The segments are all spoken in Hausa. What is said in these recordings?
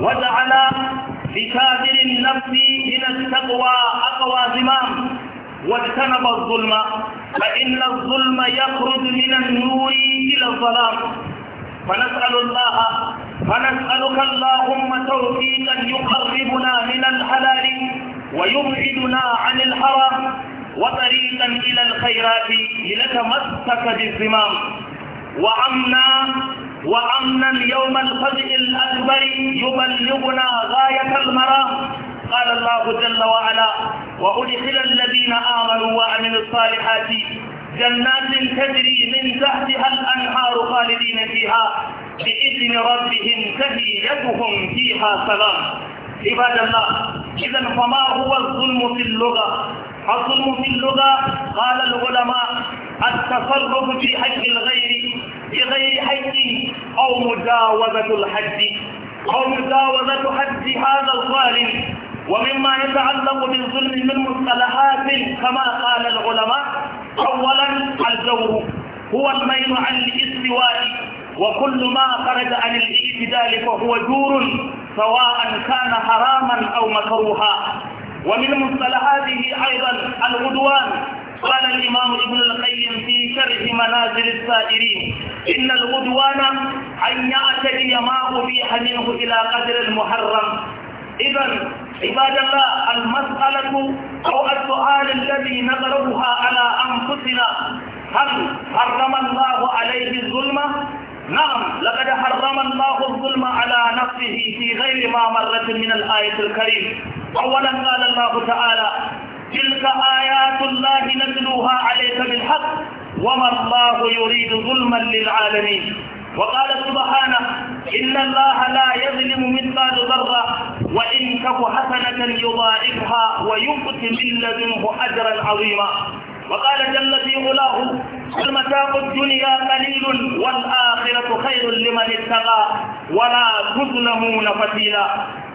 وجعل لكافر النفس الى التقوى أقوى زمام واجتنب الظلم فإن الظلم يخرج من النور إلى الظلام فنسأل الله فنسألك اللهم توفيقا يقربنا من الحلال ويبعدنا عن الحرام وطريقا إلى الخيرات لنتمسك بالزمام وعمنا وأمنا يوم الفزع الأكبر يبلغنا غاية المرام قال الله جل وعلا وأدخل الذين آمنوا وعملوا الصالحات جنات تجري من تحتها الأنهار خالدين فيها بإذن ربهم تهيتهم فيها سلام عباد الله إذا فما هو الظلم في اللغة أصل في اللغة قال العلماء التصرف في حج الغير غير حج أو مجاوزة الحج أو مجاوزة حج هذا الظالم ومما يتعلق بالظلم من مصطلحات كما قال العلماء أولا الجور هو الميل عن الاستواء وكل ما خرج عن الاعتدال فهو جور سواء كان حراما أو مكروها ومن مصطلحات الإمام ابن القيم في شرح منازل السائرين إن الغدوان أن يعتدي ما أبيح منه إلى قدر المحرم إذا عباد الله المسألة أو السؤال الذي نضربها على أنفسنا هل حرم الله عليه الظلم؟ نعم لقد حرم الله الظلم على نفسه في غير ما مرت من الآية الكريمة أولا قال الله تعالى تلك آيات الله نتلوها عليك بالحق وما الله يريد ظلما للعالمين وقال سبحانه إن الله لا يظلم مثقال ذرة وإن تك حسنة يضاعفها ويؤت من لدنه أجرا عظيما وقال جل في علاه المتاع الدنيا قليل والآخرة خير لمن اتقى ولا تظلمون فتيلا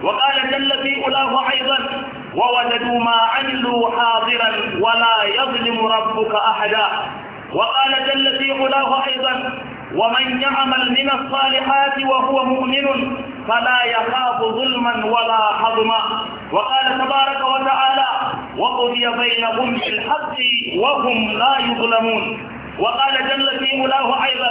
وقال جل في علاه أيضا ووجدوا ما عملوا حاضرا ولا يظلم ربك أحدا وقال جل في علاه أيضا ومن يعمل من الصالحات وهو مؤمن فلا يخاف ظلما ولا حظما وقال تبارك وتعالى وقضي بينهم بالحق وهم لا يظلمون وقال جل في علاه أيضا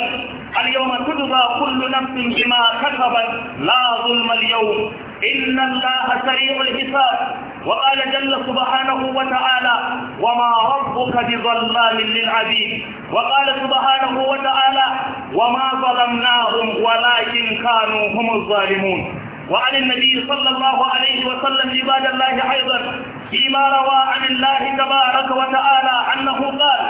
اليوم تجزى كل نفس بما كسبت لا ظلم اليوم إن الله سريع الحساب وقال جل سبحانه وتعالى وما ربك بظلام للعبيد وقال سبحانه وتعالى وما ظلمناهم ولكن كانوا هم الظالمون وعن النبي صلى الله عليه وسلم عباد الله أيضا فيما روى عن الله تبارك وتعالى أنه قال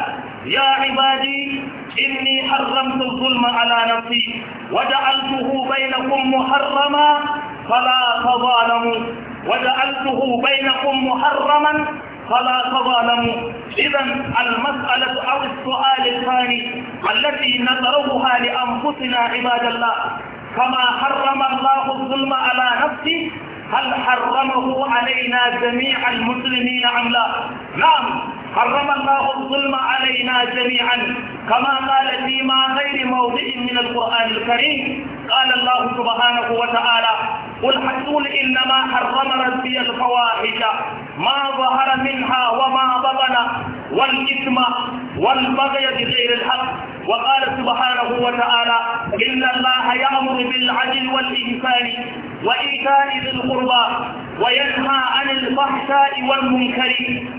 يا عبادي إني حرمت الظلم على نفسي وجعلته بينكم محرما فلا تظالموا وجعلته بينكم محرما فلا تظالموا إذا المسألة أو السؤال الثاني التي نذرها لأنفسنا عباد الله كما حرم الله الظلم على نفسه هل حرمه علينا جميع المسلمين أم لا؟ نعم حرم الله الظلم علينا جميعا كما قال فيما غير موضع من القرآن الكريم قال الله سبحانه وتعالى قل حسول إنما حرم ربي الفواحش ما ظهر منها وما بطن والإثم والبغي بغير الحق وقال سبحانه وتعالى إن الله يأمر بالعدل والإنسان وإيتاء ذي القربى وينهى عن الفحشاء والمنكر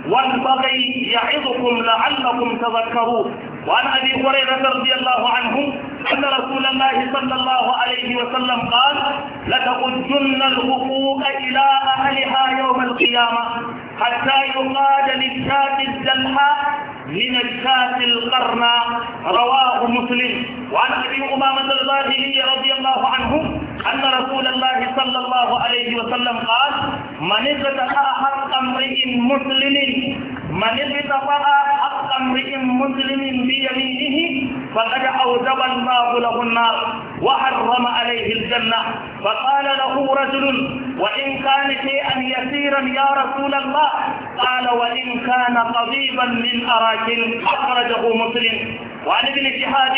والبغي يعظكم لعلكم تذكرون وعن أبي هريرة رضي الله عنه أن رسول الله صلى الله عليه وسلم قال لتؤجن الحقوق إلى أهلها يوم القيامة حتى يقاد للشاة الزلحاء من الشاة القرنى رواه مسلم وعن أبي أمامة الظاهري رضي الله عنه أن رسول الله صلى الله عليه وسلم قال من استطاع حق امرئ مسلم من ابتغى حق امرئ مسلم بيمينه فقد اوجب الله له النار وحرم عليه الجنه فقال له رجل وان كان شيئا يسيرا يا رسول الله قال وان كان قضيبا من اراكل اخرجه مسلم وعن ابن شهاب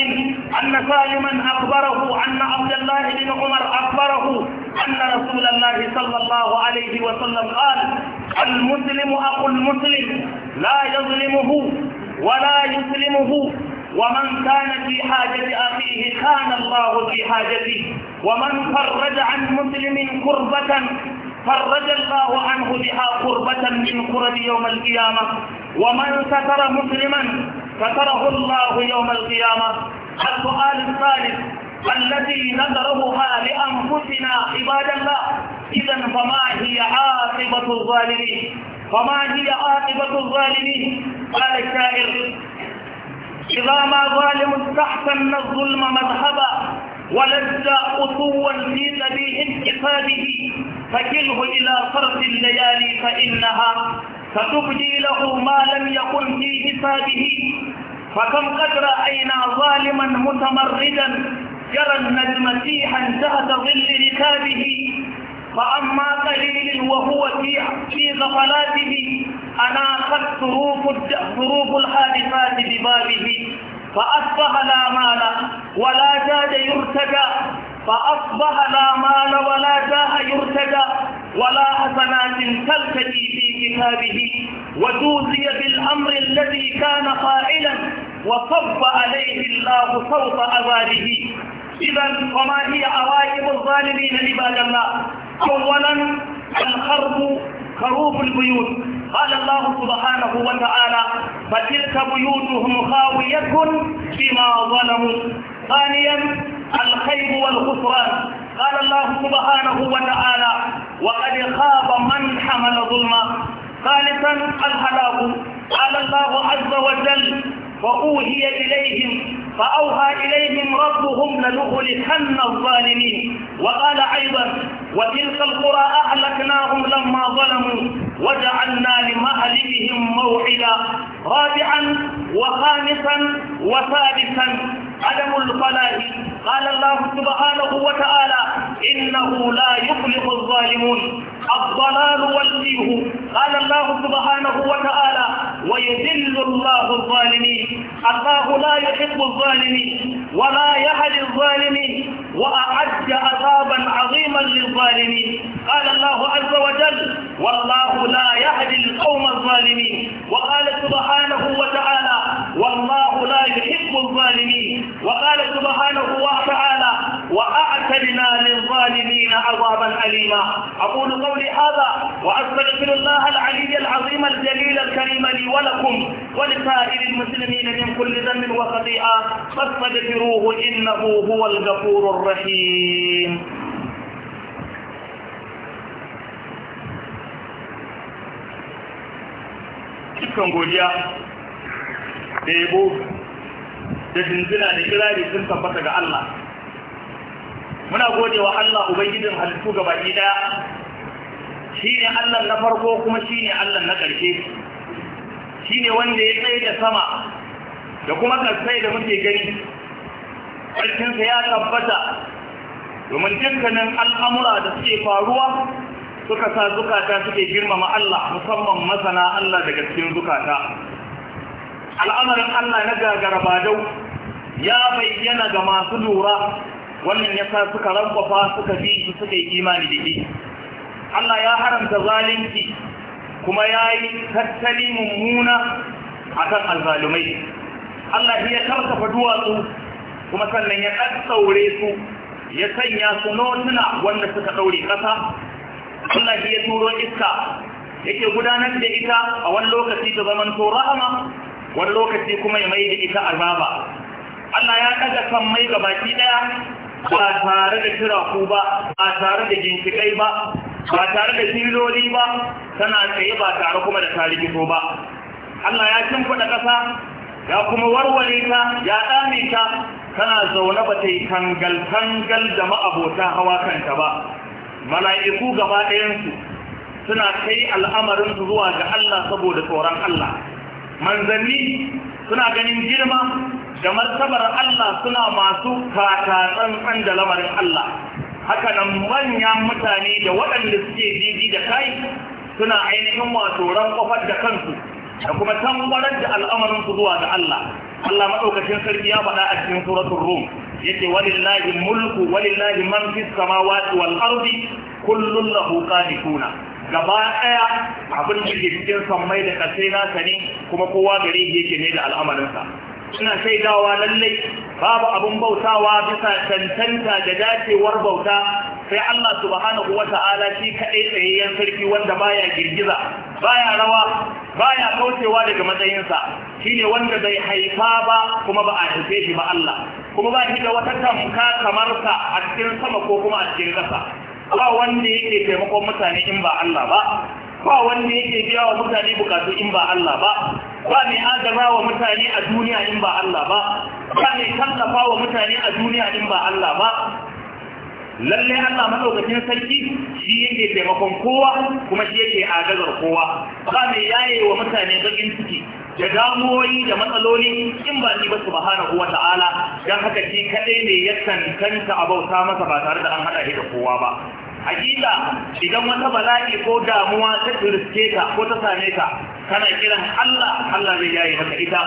ان سالما اخبره ان عبد الله بن عمر اخبره ان رسول الله صلى الله عليه وسلم قال المسلم اخو المسلم لا يظلمه ولا يسلمه ومن كان في حاجة أخيه كان الله في حاجته ومن فرج عن مسلم كربة فرج الله عنه بها كربة من كرب يوم القيامة ومن ستر مسلما ستره الله يوم القيامة السؤال الثالث الذي نذرهها لأنفسنا عباد الله إذا فما هي عاقبة الظالمين وما هي عاقبة الظالمين قال الشاعر إذا ما ظالم استحسن الظلم مذهبا ولذ أصوا في سبيل انتقاده فكله إلى فرس الليالي فإنها ستبدي له ما لم يكن في حسابه فكم قد رأينا ظالما متمردا جرى النجم سيحا تحت ظل ركابه فأما قليل وهو في في غفلاته أناقت ظروف ظروف الحادثات ببابه فأصبح لا مال ولا جاد يرتجى فأصبح لا مال ولا جاه يرتجى ولا حسنات تلتجي في كتابه وجوزي بالأمر الذي كان قائلا وصب عليه الله صوت أذانه إذا وما هي أرائب الظالمين عباد الله أولا الخرب خروف البيوت قال الله سبحانه وتعالى فتلك بيوتهم خاوية بما ظلموا ثانيا الخيب والخسران قال الله سبحانه وتعالى وقد خاب من حمل ظلما ثالثا الهلاك قال الله عز وجل وأوهي إليهم فأوهى إليهم ربهم لنغلقن الظالمين وقال أيضا وتلك القرى أهلكناهم لما ظلموا وجعلنا لمهلكهم موعدا رابعا وخامسا وثالثا عدم الفلاح قال الله سبحانه وتعالى إنه لا يخلق الظالمون الضلال وليه قال الله سبحانه وتعالى ويذل الله الظالمين الله لا يحب الظالمين ولا يهل الظالمين وأعد عذابا عظيما للظالمين قال الله عز وجل والله لا يهدي القوم الظالمين وقال سبحانه وتعالى والله لا يحب الظالمين وقال سبحانه وتعالى وأعد أعتدنا للظالمين عذابا أليما أقول قولي هذا وأستغفر الله العلي العظيم الجليل الكريم لي ولكم ولسائر المسلمين من كل ذنب وخطيئة فاستغفروه إنه هو الغفور الرحيم dukkan godiya da yabo da jinjina da kirari sun tabbata ga Allah muna gode wa Allah ubangijin halittu gaba ɗaya. shi ne Allah na farko kuma shi ne Allah na ƙarshe shi ne wanda ya tsaye da sama da kuma ƙarsai da muke gani ƙarshensa ya tabbata domin dukkanin al'amura da suke faruwa suka sa zukata suke girmama Allah musamman masana Allah daga cikin zukata al'amarin Allah na gagara badau ya bayyana ga masu lura wannan ya sa suka rankwafa suka bi su suka yi imani da shi Allah ya haramta zalunci kuma ya yi tattali mummuna a kan alzalumai Allah ya karkafa duwatsu kuma sannan ya ɗaɗɗaure su ya sanya su notuna wanda suka ɗaure ƙasa Allah ya turo iska yake gudanar da ita a wani lokaci ta zaman to rahama wani lokaci kuma ya mai da ita azaba Allah ya ɗaga kan mai gabaki ɗaya ba tare da turaku ba ba tare da ginshiƙai ba ba tare da filoli ba tana tsaye ba tare kuma da tarikito ba Allah ya shimfiɗa ƙasa ya kuma warware ta ya ɗame ta tana zaune ba ta yi kangal-kangal da ma'abota hawa kanta ba mala'iku gaba ɗayansu suna kai al'amarin zuwa ga Allah saboda tsoron Allah manzanni suna ganin girma da martabar Allah suna masu katatsantsan da lamarin Allah haka nan manyan mutane da waɗanda suke jiji da kai suna ainihin wato ranƙwafar da kansu da kuma tambarar da al'amarinsu zuwa ga Allah Allah maɗaukacin sarki ya faɗa a cikin suratun rum yake walillahi mulku walillahi man fis samawati wal ardi kullun lahu qanituna gaba ɗaya abin da ke cikin sammai da ƙasai na ne kuma kowa gare yake ne da al'amarinsa suna shaidawa lallai babu abin bautawa bisa tantanta da dacewar bauta sai Allah subhanahu wa ta'ala shi kaɗai tsayayyen sarki wanda baya girgiza baya rawa baya kaucewa daga matsayinsa shi ne wanda bai haifa ba kuma ba a haife shi ba Allah kuma ba shi da wata tamka kamar ka a cikin sama ko kuma a cikin ƙasa ba wanda yake taimakon mutane in ba Allah ba ba wanda yake biya wa mutane bukatu in ba Allah ba ba mai adama wa mutane a duniya in ba Allah ba ba mai tallafa wa mutane a duniya in ba Allah ba lalle Allah madaukakin sarki shi yake taimakon kowa kuma shi yake agazar kowa ba mai yaye wa mutane bakin ciki da damuwoyi da matsaloli in ba ni ba subhanahu wa ta'ala dan haka shi kadai ne ya tantanta abauta masa ba tare da an hada shi da kowa ba hakika idan wata bala'i ko damuwa ta turiske ka ko ta same ka kana kiran Allah Allah zai yayi maka ita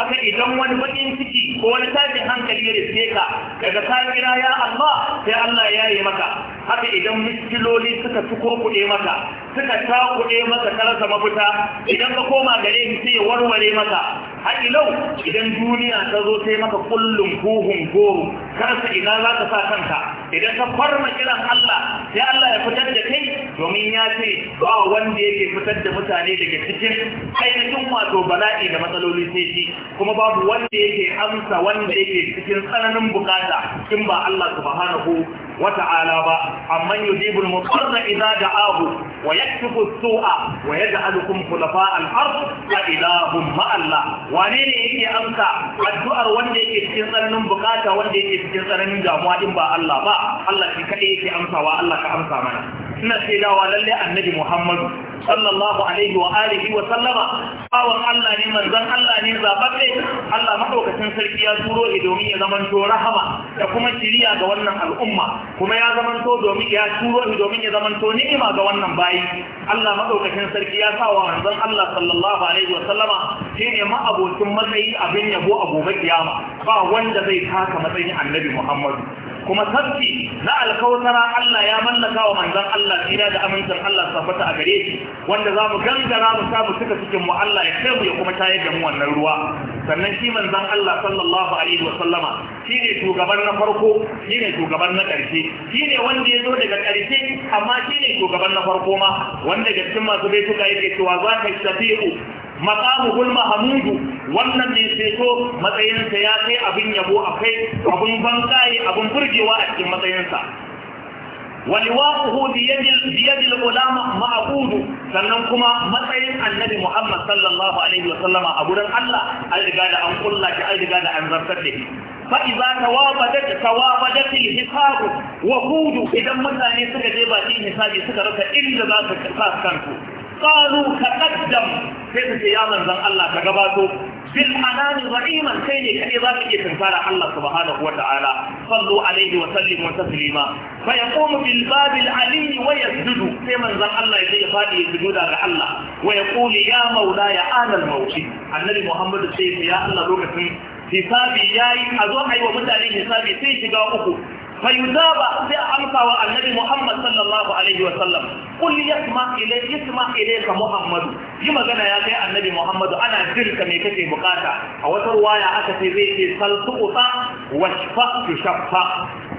haka idan wani bakin ciki ko wani tashin hankali ya riske ka daga ka kira ya Allah sai Allah ya yi maka haka idan miskiloli suka ci kuɗe maka suka ta kuɗe maka karasa mafuta idan ka koma gare shi sai ya warware maka Haƙilau idan duniya ta zo sai maka kullum kuhun goro karsa ina za ka sa kanka idan ka farma kiran Allah sai Allah ya fitar da kai domin ya ce ba wanda yake fitar da mutane daga cikin ainihin wato bala'i da matsaloli sai shi kuma babu wanda yake amsa wanda yake cikin tsananin bukata in ba Allah subhanahu وتعالى با أمن يجيب المضطر da دعاه ويكشف السوء ويجعلكم خلفاء الأرض a مع الله wane ne yake amsa addu'ar wanda yake cikin tsananin bukata wanda yake cikin tsananin damuwa din ba Allah ba Allah shi kadai yake wa Allah ka amsa mana ina shaidawa lalle annabi Muhammadu sallallahu alaihi wa alihi wa sallama bawan Allah ne manzon Allah ne zababbe Allah madaukakin sarki ya turo shi domin ya zamanto rahama da kuma shiriya ga wannan al'umma kuma ya zamanto domin ya turo shi domin ya zamanto ni'ima ga wannan bayi Allah madaukakin sarki ya sa wa manzon Allah sallallahu alaihi wa sallama shine ma abokin matsayi abin yabo a gobe kiyama ba wanda zai taka matsayin annabi Muhammadu kuma tafki na alkawtara Allah ya mallaka wa manzon Allah tsira da amincin Allah tabbata a gare shi wanda za mu gangara mu samu suka cikin mu Allah ya kai mu ya kuma tayar da mu wannan ruwa sannan shi manzan Allah sallallahu alaihi wasallama shi ne shugaban na farko shi ne shugaban na ƙarshe shi ne wanda ya zo daga ƙarshe amma shi ne shugaban na farko ma wanda ga cikin masu baituka yake cewa za ka shafi'u gulma hamudu wannan ne ceto matsayinsa ya kai abin yabo akai abin bankaye abin burgewa a cikin matsayinsa ولواءه بيد بيد العلماء معبود sannan kuma matsayin annabi Muhammad sallallahu alaihi wa sallama a gurin Allah an riga da an kulla shi, an riga da an zartar da shi fa idza tawabadat tawabadat al hisab wa qud idan mutane suka je bakin hisabi suka rasa inda za su kasa kansu qalu taqaddam sai su ce ya manzon Allah ka gabato bil anani rahiman kai ne kade za ka iya tunkara Allah subhanahu wata'ala sallu alaihi wa sallim wa taslima fa yaqumu bil bab al ali wa yasjudu sai manzon Allah ya ya fadi ya sujuda ga Allah wa yaqulu ya maula ya anal mawti annabi Muhammad sai ya Allah lokacin hisabi yayi a zo ayi wa mutane hisabi sai shiga uku fayuzaba sai a amsawa annabi muhammad sallallahu alaihi wasallam kul yasma ila yasma muhammadu yi magana ya kai annabi muhammadu ana jin mai me kake bukata a wata ruwaya aka ce zai ce saltuqa washfa tushaffa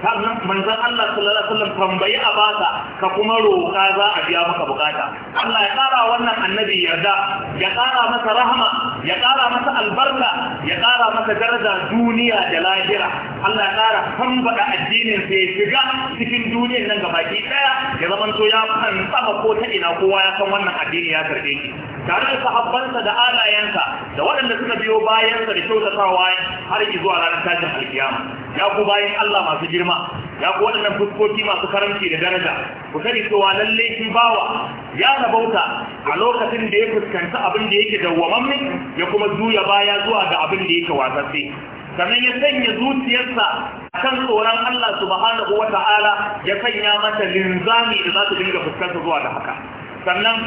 sannan manzon allah sallallahu alaihi wasallam tambayi a basa ka kuma roka za a biya ka bukata allah ya kara wannan annabi yarda ya ƙara masa Rahma, ya ƙara masa albarka ya ƙara masa daraja duniya da lahira allah ya kara tambada addinin. addinin sai ya shiga cikin duniyar nan gabaki daya ya zama to ya saba ko ta ina kowa ya san wannan addini ya karbe shi tare da sahabbansa da alayensa da waɗanda suka biyo bayansa da kyautatawa har zuwa ranar tashin alkiyama ya ku bayan Allah masu girma ya ku waɗannan fuskoki masu karanci da daraja ku sani cewa lalle shi bawa ya rabauta a lokacin da ya fuskanci abin da yake dawwamamme ya kuma juya baya zuwa ga abin da yake wasatse sannan ya sanya zuciyarsa kan tsoron Allah subhanahu wa ta'ala ya sanya mata linzami da za ta dinga fuskanta zuwa da haka sannan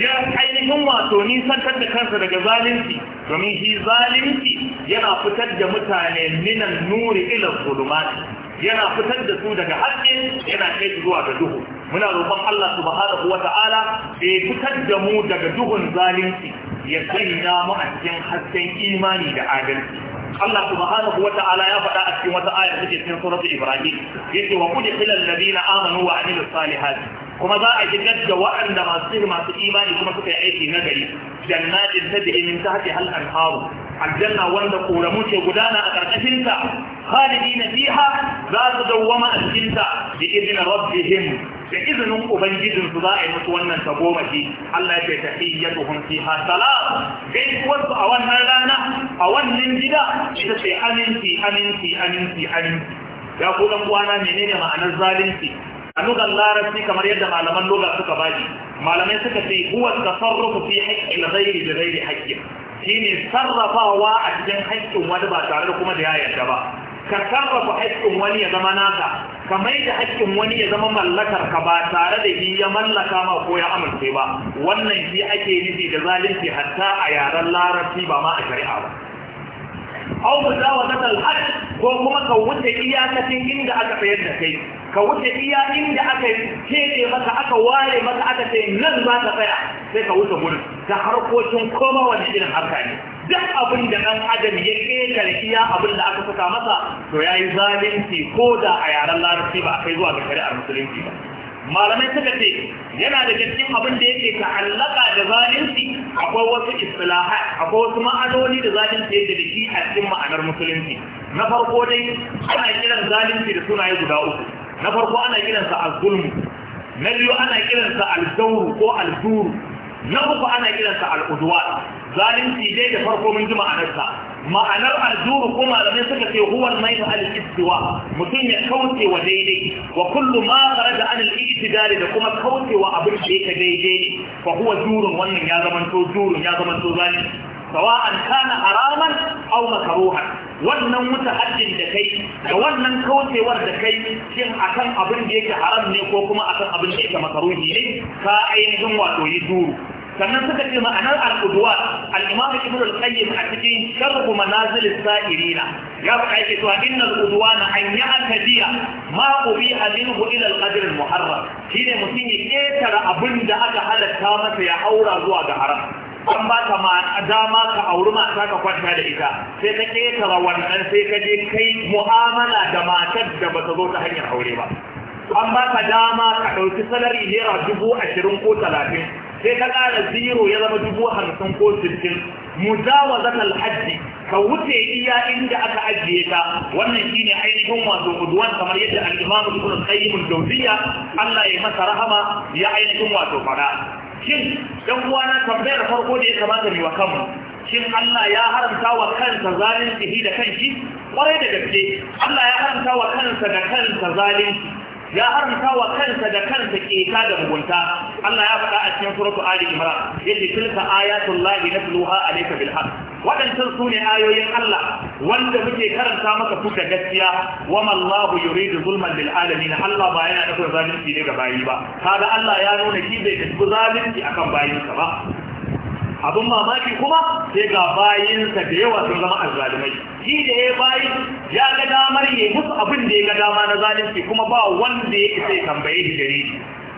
ya ainihin wato nisantar da kansa daga zalunci domin shi zalunci yana fitar da mutane minan nuri ila zulumati yana fitar da su daga haske yana kai zuwa ga duhu muna roƙon Allah subhanahu wata'ala da ya fitar da mu daga duhun zalunci ya sanya mu a cikin hasken imani da adalci الله سبحانه وتعالى يفتح أكي وتعالى تجي في سورة إبراهيم يتي وقل إلى الذين آمنوا وعملوا الصالحات وما ذاعي تجد وعند ما سهما في إيمان كما تفعي أيدي نبري جنات تدعي من تحتها الأنهار الجنة وند قورمون في قدانا أكرت أسنسا خالدين فيها ذات دوما أسنسا بإذن ربهم da izinin ubangijinsu za a yi musu wannan tagomashi Allah ya tafi fiha salam hasala su a wannan rana a wannan gida ita ce aminci aminci aminci aminti." ya kudan kwana menene ma'anar zalunci a lugar larabci kamar yadda malaman loga suka bani malamai suka ce huwa tasarrufu fi haƙƙin al-ghayri bi ghairi haqqi shine sarrafawa a cikin haƙƙin wani ba tare da kuma da ya yarda ba ka sarrafa haƙƙin wani ya zama naka ka mai da haƙƙin wani ya zama mallakar ka ba tare da shi ya mallaka ma ko ya amince ba wannan shi ake nufi da zalunci hatta a yaren larabci ba ma a shari'a ba aw wa al-hajj ko kuma ka wuce iyakacin inda aka tsayar da kai ka wuce iya inda aka keke maka aka ware maka aka ce nan za ka tsaya sai ka wuce gudun. ta harkokin koma wani irin harka ne duk abin da ɗan adam ya kekare iya abin da aka saka masa to ya yi zalunci ko da a yaren larabci ba a kai zuwa ga shari'ar musulunci ba malamai suka ce yana da cikin abin da yake ta'allaka da zalunci akwai wasu istilaha akwai wasu ma'anoni da zalunci yake da shi a cikin ma'anar musulunci na farko dai ana kiran zalunci da sunaye guda uku na farko ana kiransa azulmu na biyu ana kiransa alzauru ko alduru na uku ana kiransa al'uduwa. zalunci dai da farko mun ji ma'anarsa ma'anar aljuru ko malamai suka ce huwar da al mutum ya kauce wa daidai wa kullu ma da an al-i'tidal da kuma kauce wa abin da yake daidai fa huwa jurun wannan ya zama to ya zama to zalimi an kana haraman aw makruhan wannan mutahaddin da kai da wannan kaucewar da kai shin akan abin da yake haram ne ko kuma akan abin da yake makruhi ne ka ainihin wato yi juru sannan suka ce ma'anar al-qudwa al-imam ibn al-qayyim a cikin sharh manazil sairina ya fi yake cewa innal na an ya'tadiya ma ubiha alinhu ila al-qadr al-muharram shine mutum ya ketara abin da aka halatta masa ya aura zuwa ga haram an ba ka dama ka auri mata ka kwanta da ita sai ka ketara wannan sai ka je kai mu'amala da matar da ba ta zo ta hanyar aure ba an ba ka dama ka ɗauki salari naira dubu ashirin ko talatin sai ka ƙara zero ya zama dubu hamsin ko sittin mujawazat alhaji ka wuce iya inda aka ajiye ta wannan shine ainihin wato kuduwan kamar yadda al-Imam Ibn Qayyim al-Jawziyya Allah ya masa rahama ya ainihin wato fara shin dan uwana tambayar farko da ya kamata mu wa kanmu shin Allah ya haramta wa kansa zalunci da kanshi kwarai da gaske Allah ya haramta wa kansa da kansa zalunci ya haramta wa kansa da kansa keta da mugunta Allah ya faɗa a cikin suratu Ali Imran yace tilka ayatul lahi natluha alayka bil haqq wadannan sune ayoyin Allah wanda muke karanta maka su da gaskiya wa mallahu yuridu zulman lil alamin Allah ba yana nufin zalunci ne ga bayi ba kaga Allah ya nuna shi bai da zalunci akan bayinsa ba abin mamaki kuma sai ga bayinsa da yawa sun zama azalimai. shi da ya bayi ya ga damar ya musu abin da ya ga dama na zalunci kuma ba wanda ya isa ya tambaye shi gare shi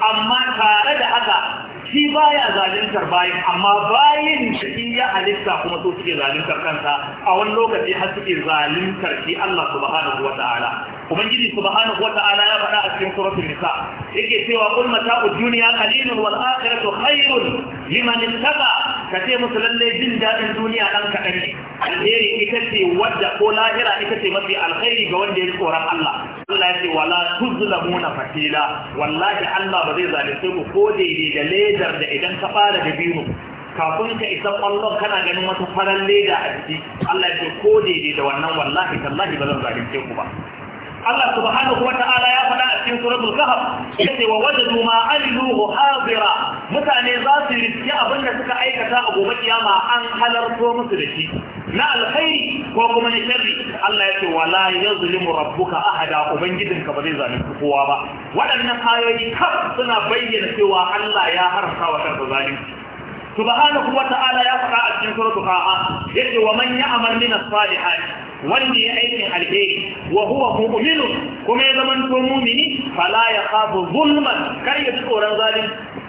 amma tare da haka shi baya zaluntar bayin amma bayin shi ya halitta kuma so suke zaluntar kansa a wani lokaci har suke zaluntar shi Allah subhanahu wa ta'ala ubangiji subhanahu wata'ala ya faɗa a cikin suratul nisa yake cewa qul mata'ud dunya qalilun wal akhiratu khairun liman ittaqa kace musu lalle jin daɗin duniya dan kaɗan ne alheri ita ce wadda ko lahira ita ce mafi alkhairi ga wanda ya tsoron Allah Allah ya ce wala tuzlamuna fatila wallahi Allah ba zai zalunce ku ko daidai da ledar da idan ka fara da biyu kafin ka isa kwallon kana ganin wata farar leda a jiki Allah ya ce ko daidai da wannan wallahi tallahi ba zan zalunce ku ba Allah subhanahu wa ta'ala ya faɗa a cikin suratul kahf yace wa wajadu ma amilu hadira mutane za su riske abin da suka aikata a gobe kiyama an halarto musu da shi na alkhairi ko kuma na sharri Allah yace la yazlimu rabbuka ahada ubangijinka ba zai zalunci kowa ba waɗannan ayoyi kaf suna bayyana cewa Allah ya haramta wa kansa zalunci subhanahu wa ta'ala ya faɗa a cikin suratul qaha yace wa man ya'mal min as-salihati wanda ya aikin alheri wa huwa mu'minun kuma ya zama to mu'mini fala ya khafu zulman kar ya tsoron zalim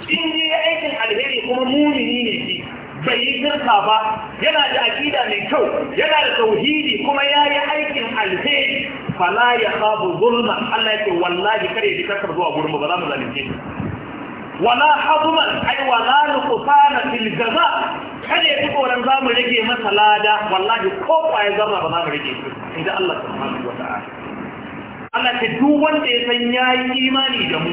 in ya aikin alheri kuma mu'mini ne shi bai yi shirka ba yana da akida mai kyau yana da tauhidi kuma ya yi aikin alheri fala ya khafu zulman Allah ya ce wallahi kar ya ji karkar zuwa gurin ba za mu zalunce wala haduman ai wala nuqsana fil jaza kada ya tsoron za mu rage masa lada wallahi ko ya zama ba za mu rage su inda Allah subhanahu wa ta'ala Allah ta duk wanda ya san yayi imani da mu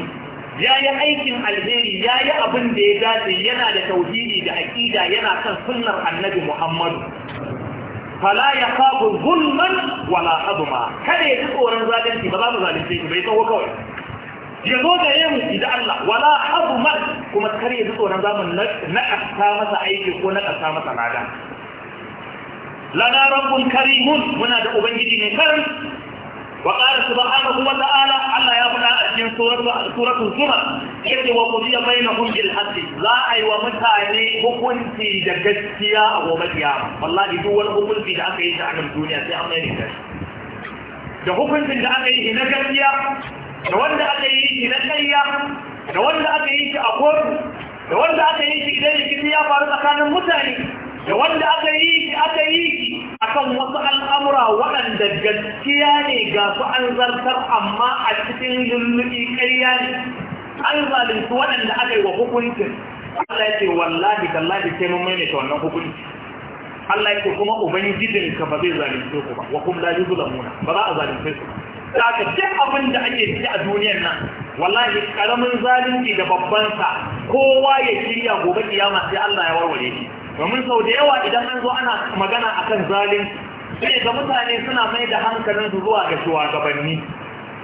ya yi aikin alheri ya yi abin da ya dace yana da tauhidi da aƙida yana kan sunnar annabi Muhammadu fala ya kafu zulman wala haduma kada ya ji tsoron zalunci ba za mu zalunce shi bai kawo kawai ya zo da yin ji da Allah wala habu mal kuma kar ya ji tsoron zamun na masa aiki ko na ƙasa masa lada lana rabbun karimun muna da ubangiji ne karin wa qala subhanahu wa ta'ala Allah ya faɗa a cikin suratu suratul zumar yace wa qudiya bainahum bil haqqi za a yi wa mutane hukunci da gaskiya a gobe kiyama wallahi duk wani hukunci da aka yi ta a duniya sai an mai da da hukuncin da aka yi na gaskiya da wanda aka yi shi na ƙarya da wanda aka yi shi a kotu da wanda aka yi shi idan rikici ya faru tsakanin mutane da wanda aka yi shi aka yi shi akan wasu al'amura waɗanda gaskiya ne ga su an zartar amma a cikin lulluɓi ƙarya ne an zalunci waɗanda aka yi wa hukuncin Allah ya ce wallahi tallahi sai mun maimaita wannan hukunci Allah ya ce kuma ubangijinka ba zai zalunce ku ba wa kum la yuzlamuna ba za a zalunce su ba da ka duk abin da ake ciki a duniyar nan wallahi karamin zalunci da babban sa kowa ya shirya gobe kiyama sai Allah ya warware shi domin sau da yawa idan an zo ana magana akan zalunci sai ga mutane suna mai da hankalin su zuwa ga shugabanni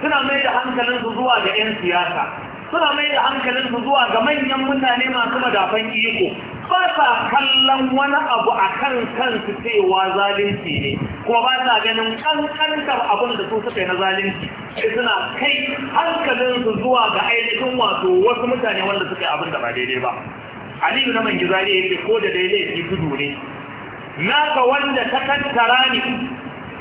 suna mai da hankalin su zuwa ga 'yan siyasa suna mai da hankalin su zuwa ga manyan mutane masu madafan iko ba sa kallon wani abu a kan kansu cewa zalunci ne kuma ba sa ganin kankantar abin da su suka yi na zalunci sai suna kai hankalin su zuwa ga ainihin wato wasu mutane wanda suka yi abin da ba daidai ba aliyu na mangizari ya ce ko da daidai ya gudu ne naka wanda ta kantara ne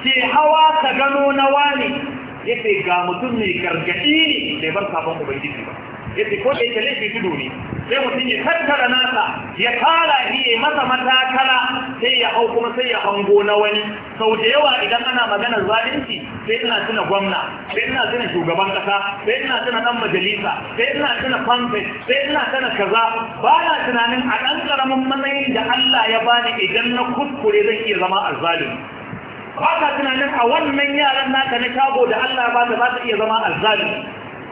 ke hawa ka gano na wani yace ga mutum mai gargaɗi ne bai bar sabon ubangiji ba yake ko da yake laifi tudu ne sai mutum ya tattara nasa ya fara yi ya masa matakala sai ya hau kuma sai ya hango na wani sau da yawa idan ana maganar zalunci sai ina tuna gwamna sai ina tuna shugaban kasa sai ina tuna dan majalisa sai ina tuna pamphlet sai ina tuna kaza ba na tunanin a ɗan ƙaramin matsayin da Allah ya bani idan na kuskure zan iya zama azzalimi ba ka tunanin a wannan yaran naka na shago da Allah ba ta za ta iya zama azzali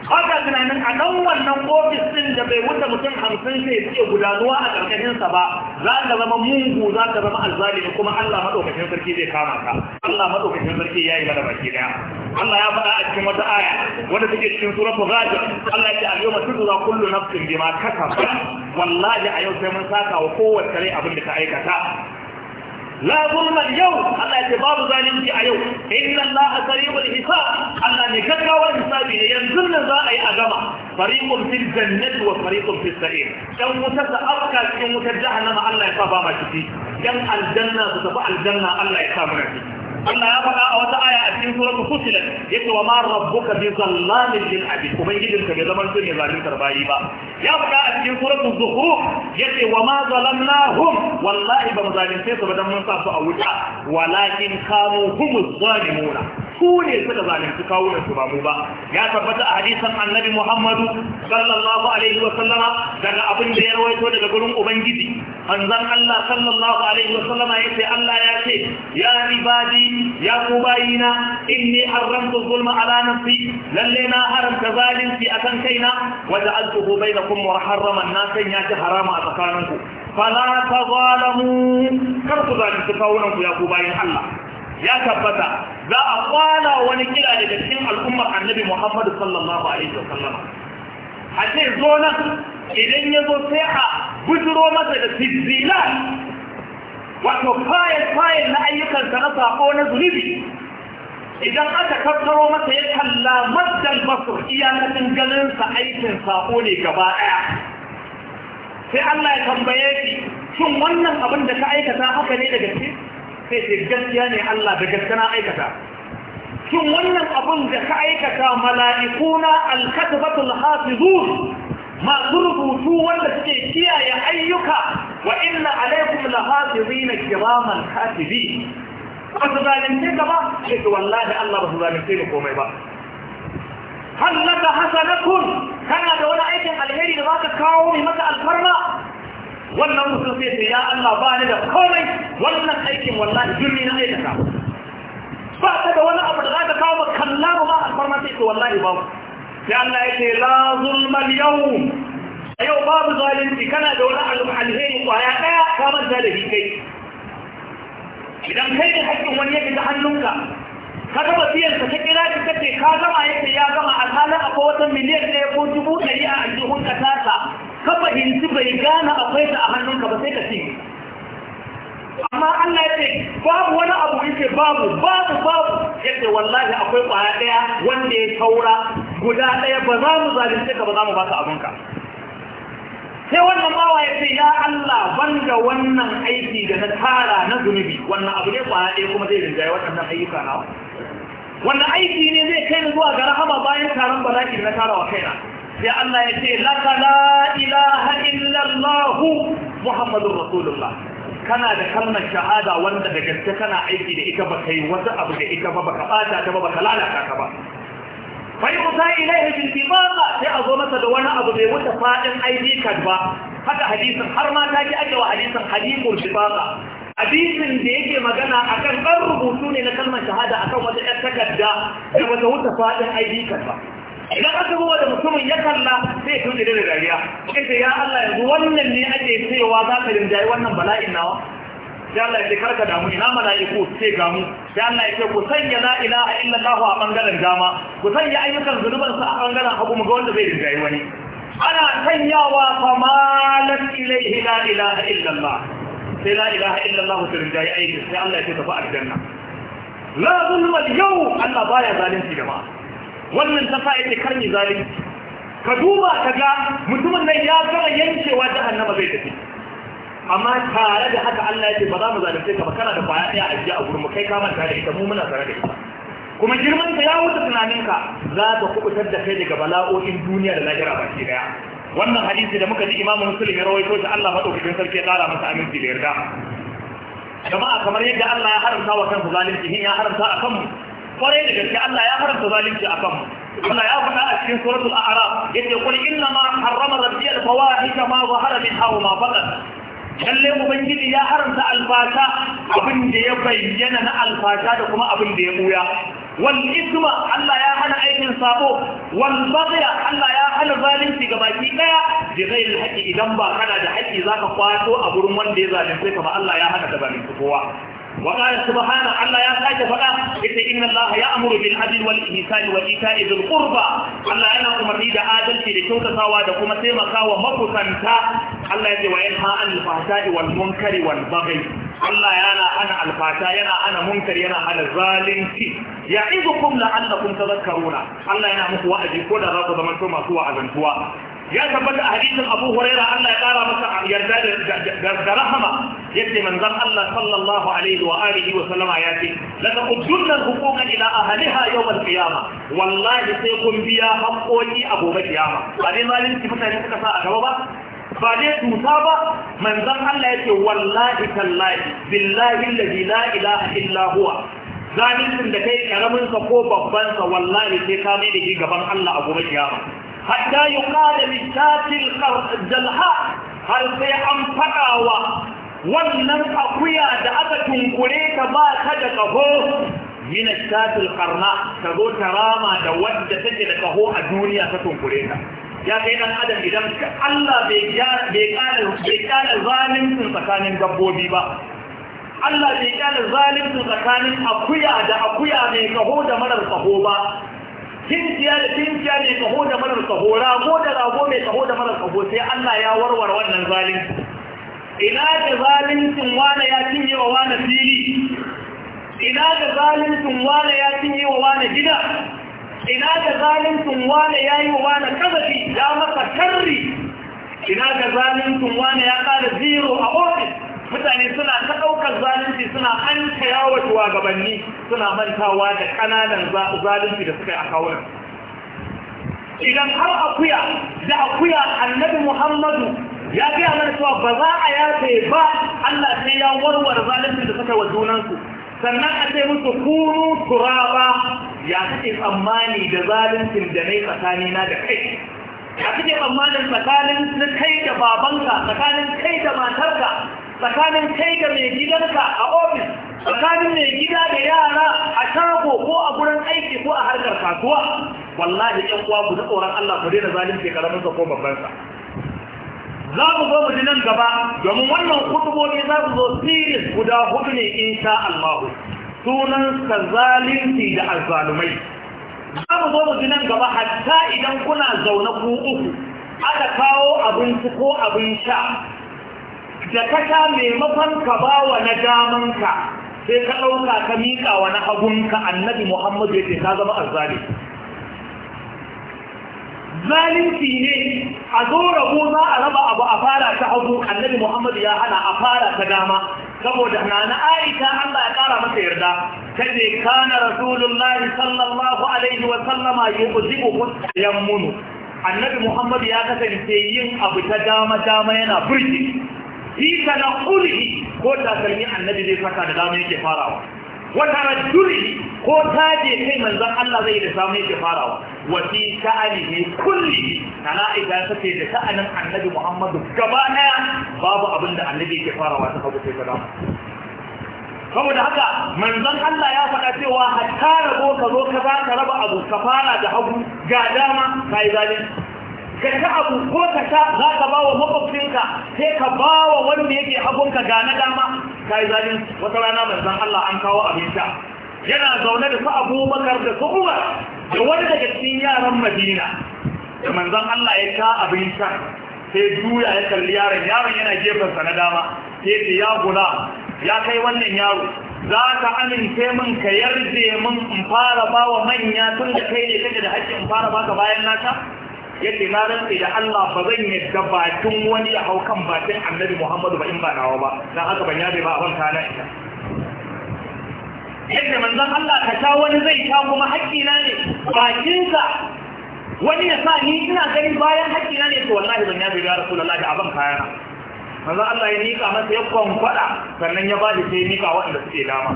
ba ka tunanin a nan wannan ofis ɗin da bai wuce mutum hamsin zai iya gudanuwa a ƙarƙashinsa ba za ka zama mungu za ka zama azzali kuma Allah maɗaukacin sarki zai kama ka Allah maɗaukacin sarki ya yi mana baki ɗaya Allah ya faɗa a cikin wata aya wanda take cikin suratul ghafir Allah ya ce a yau tudza kullu nafsin bima kasabat wallahi a yau sai mun saka wa kowace rai abin da ta aikata la zulma yau Allah ya ce babu zalunci a yau inna Allah asariul hisab Allah ne gaggawar hisabi ne yanzu nan za a yi a gama fariqun fil jannati wa fariqun fis sa'ir dan wuta ta afka cikin wutar jahannama Allah ya sa ba ma ciki dan aljanna su tafi aljanna Allah ya sa mu ciki Allah ya faɗa a wata aya a cikin suratul fusilat yace wa ma rabbuka bi zallamin lil abid ubangijin ka bai zaman sun ne zalimtar bayi ba ya faɗa a cikin suratul zukhruf yace wa ma zalamnahum wallahi ba mu zalunce su ba dan mun sa su a wuta walakin kanu humuz zalimuna su ne suka zalunci kawunan su ba mu ba ya tabbata a hadisan annabi Muhammadu sallallahu alaihi wa sallama daga abin da ya rawaito daga gurin ubangiji manzon Allah sallallahu alaihi wa sallama yace Allah ya ce ya ribadi ya ku bayina inni haramtu zulma ala nafsi lalle na haramta zalunci akan kaina wa ja'altuhu bainakum muharraman na sanya shi harama a tsakaninku fala tazalamu kar ku zalunci kawunan ku ya ku bayin Allah ya tabbata za a kwana wani kira daga cikin al'ummar annabi muhammadu sallallahu alaihi wa sallama a ce zo nan idan ya zo sai a bujiro masa da tizzilan wato fayil-fayil na ayyukansa na sako na zunubi idan aka tattaro masa ya kalla maddan basur iyakacin ganinsa aikin sako ne gaba ɗaya sai Allah ya tambaye shi shin wannan abin da ka aikata haka ne daga cikin sai ce gaskiya ne Allah da gaske na aikata shin wannan abin da ka aikata mala'ikuna alkatbatul hafizun masu rubutu wanda suke kiyaye ayyuka wa inna alaikum lahafizina kiraman katibi ba su zalunce ka ba sai wallahi Allah ba su zalunce ni komai ba hallaka hasanakun kana da wani aikin alheri da zaka kawo mai maka alfarma wannan mutum sai ce ya Allah ba ni da komai wannan aikin wallahi jirni na aikata ba ta da wani abu da za ta kawo kalla ba alfarma sai ce wallahi ba sai Allah ya ce la zulmal A yau babu zalunci kana da wani alheri kwaya daya ka manta da shi kai idan kai ne hakkin wani yake fita hannunka ka gama siyarsa ta kira ki kace ka gama yadda ya gama alhalin akwai wata miliyan ɗaya ko dubu ɗari a ajihun ka tasa ka fahimci bai gane akwai ta a hannunka ba sai ka ci amma Allah ya ce babu wani abu yake babu babu babu yadda wallahi akwai kwaya daya wanda ya taura guda daya ba za mu zalunce ka ba za mu baka abinka sai wannan bawa ya ce ya Allah banda wannan aiki da na tara na zunubi wannan abu ne kwaya daya kuma zai rinjaye waɗannan ayyuka na wannan aiki ne zai kai ni zuwa ga rahama bayan taron bala'i na tara wa kaina sai Allah ya ce laka la ilaha illallah muhammadur rasulullah kana da kalmar shahada wanda da gaske kana aiki da ita baka yi wata abu da ita ba baka bata ta ba baka lalata ta ba fai kusa ilaihi bil dimaga sai a zo masa da wani abu bai wuce fadin ID card ba haka hadisin har ma ta ki ake wa hadisin hadithul dimaga hadisin da yake magana akan ɗan rubutu ne na kalmar shahada akan wata yar takarda da wata wuce fadin ID card ba idan aka ruwa da mutumin ya kalla sai ya tuje da dariya kai ce ya Allah yanzu wannan ne ake cewa za ka rinjaye wannan bala'in nawa sai Allah ya ce karka damu ina mala'iku sai ga mu sai Allah ya ce ku sanya la ilaha illallah a bangaren dama ku sanya ayyukan zunuban su a bangaren hagu mu ga wanda zai rinjaye wani ana sanyawa famalan ilaihi la ilaha illallah sai la ilaha illallah ta rinjaye aiki sai Allah ya ce tafi aljanna la zulma al-yawm Allah baya zalunci jama'a wannan ta fa'ita karni zalunci ka duba ka ga mutumin nan ya fara yankewa jahannama zai tafi amma tare da haka Allah ya ce ba za mu zalunce ka ba kana da kwaya ɗaya a jiya a gurin kai ka manta da ita mu muna tare da ita kuma girman ta ya wuce tunaninka za ta kubutar da kai daga bala'o'in duniya da lahira baki daya wannan hadisi da muka ji imamu muslim ya rawaito shi Allah madaukakin sarki ya tsara masa aminci da yarda jama'a kamar yadda Allah ya haramta wa kansa zalunci ya haramta a kanmu kwarai da gaske Allah ya haramta zalunci a kanmu Allah ya faɗa a cikin Arab a'raf yace qul inna ma harrama rabbi al-fawahisha ma zahara minha wa ma batan lalle ubangiji ya haramta alfata abin da ya bayyana na alfata da kuma abin da ya buya wal isma Allah ya hana aikin sabo wal baghy Allah ya hana zalunci ga baki daya da haƙi idan ba kana da haƙi zaka kwato a gurin wanda ya zalunce ka ba Allah ya hana ka zalunci kowa وقال سبحانه الله يا ساجد فقط إن الله يأمر بالعدل والإحسان وإيتاء ذي القربى الله أنا أمرني دا آدل في لكوتا سوا دا كما سيما سوا مبتنتا الله يجي وينهى عن الفحشاء والمنكر والبغي الله يانا أنا الفحشاء يانا أنا منكر يانا أنا ظالم يعظكم لعلكم تذكرون الله يانا مكوا أجي كل رب زمن كما سوا أذن ya tabbata a hadisin Abu Huraira Allah ya kara masa yarda da rahama yace manzon Allah sallallahu alaihi wa alihi wa sallama ya ce la taqudunna ila ahliha yawm al-qiyamah wallahi sai kun biya haƙoƙi a gobe kiyama ba dai zalunci mutane suka sa a gaba ba ba dai tuta ba manzon Allah yace wallahi tallahi billahi alladhi la ilaha illa huwa zalincin da kai karamin sa ko babban sa wallahi sai ka mai da shi gaban Allah a gobe kiyama hatta yi kada littafin jalha har sai an faɗawa wannan akuya da aka tunkure ta ba ta da ƙaho min shatil karna ta zo ta rama da wadda take da ƙaho a duniya ta tunkure ta ya kai dan adam idan Allah bai kyale zalincin tsakanin dabbobi ba Allah bai kyale zalincin tsakanin akuya da akuya mai kaho da marar kaho ba tinkiya da tinkiya mai kaho da marar kaho rago da rago mai kaho da marar kaho sai Allah ya warware wannan zalunci ina da zaluncin wane ya cinye wa wane fili ina da zaluncin wane ya cinye wa wane gida ina da zaluncin wane ya yi wa wane kazafi ya masa karri ina da zaluncin wane ya kada zero a ofis mutane suna ta ɗaukar zalunci suna an tuwa gabanni, suna mantawa da ƙananan zalunci da suka yi a kawunan idan har akuya da akuya annabi muhammadu ya fi mana cewa ba za a yafe ba allah sai ya warware zalunci da suka yi wa junansu sannan a ce musu kuru turaba ya kake tsammani da zaluncin da na yi tsakanina da kai ya kake tsammanin tsakanin kai da babanka tsakanin kai da matarka tsakanin kai ga mai gidanka a ofis tsakanin mai gida da yara a shago ko a gurin aiki ko a harkar kasuwa wallahi yan uwa ku tsoron Allah ku daina zalunci karamin sa ko babban sa za mu zo mu ji nan gaba domin wannan kutubobi za mu zo siris guda hudu ne insha Allah sunan sa zalunci da azzalumai za mu zo mu ji nan gaba hatta idan kuna zaune ku uku aka kawo abinci ko abin sha da kata maimakon ka ba wa na damanka sai ka ɗauka ka miƙa wa na hagunka annabi muhammadu ya ce ka zama azzali zalunci ne a zo rabo za a raba abu a fara ta hagu annabi muhammadu ya hana a fara ta dama saboda nana aisha Allah ya kara masa yarda kaje kana rasulullahi sallallahu alaihi wa sallama yuzibu munu. annabi muhammad ya kasance yin abu ta dama dama yana burge fi ƙuri ko takalmi annabi zai saka da dama yake farawa wa tarajjulihi ko taje kai manzon Allah zai da dama yake farawa wa fi sha'anihi kullihi kana idan sake da ta'anin annabi Muhammadu gaba daya babu abin da annabi yake farawa ta hagu sai ka dama saboda haka manzon Allah ya faɗa cewa hatta rabo ka zo ka za ka raba abu ka fara da hagu ga dama ka yi ka abu ko ka ta za ka ba wa makwabcinka sai ka ba wa wanda yake hagunka ga na dama ka yi zalin wata rana zan Allah an kawo abinta yana zaune da su abubakar da su umar da wani daga cikin yaran madina da manzan Allah ya ta abinta sai duya ya kalli yaron yaron yana gefensa na dama sai ce ya gula ya kai wannan yaro za ka amince min ka yarje min in fara ba wa manya tun da kai ne kake da hakki in fara baka bayan nata yadda na rantsa da Allah ba zan yi gabatun wani ya hau kan bakin annabi Muhammadu ba in ba nawa ba dan haka ban yabe ba abin na ita yadda manzon Allah ka sha wani zai sha kuma haƙƙi na ne bakinsa wani ya sa ni ina ganin bayan haƙƙi na ne to wallahi ban yabe ya rasulullahi kaya kayana manzon Allah ya nika masa ya kwankwada sannan ya bada sai nika waɗanda suke dama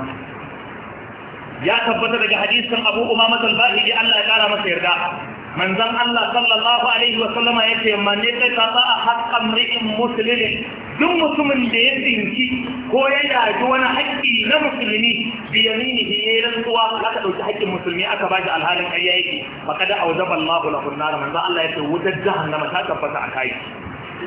ya tabbata daga hadisin Abu Umama al-Bahili Allah ya kara masa yarda manzan Allah sallallahu Alaihi wasallama ya ce mane ta tata a haƙƙan rikin musulmi duk mutumin da ya tsinci ko ya yaji wani haƙƙi na musulmi biyami ne ya yi rantsuwa ka ɗauki haƙƙin musulmi aka ba shi alhalin ƙarya yake ba ka da auzaban lahu na kunnara manzan Allah ya ce wuta jahannama ta tabbata a kai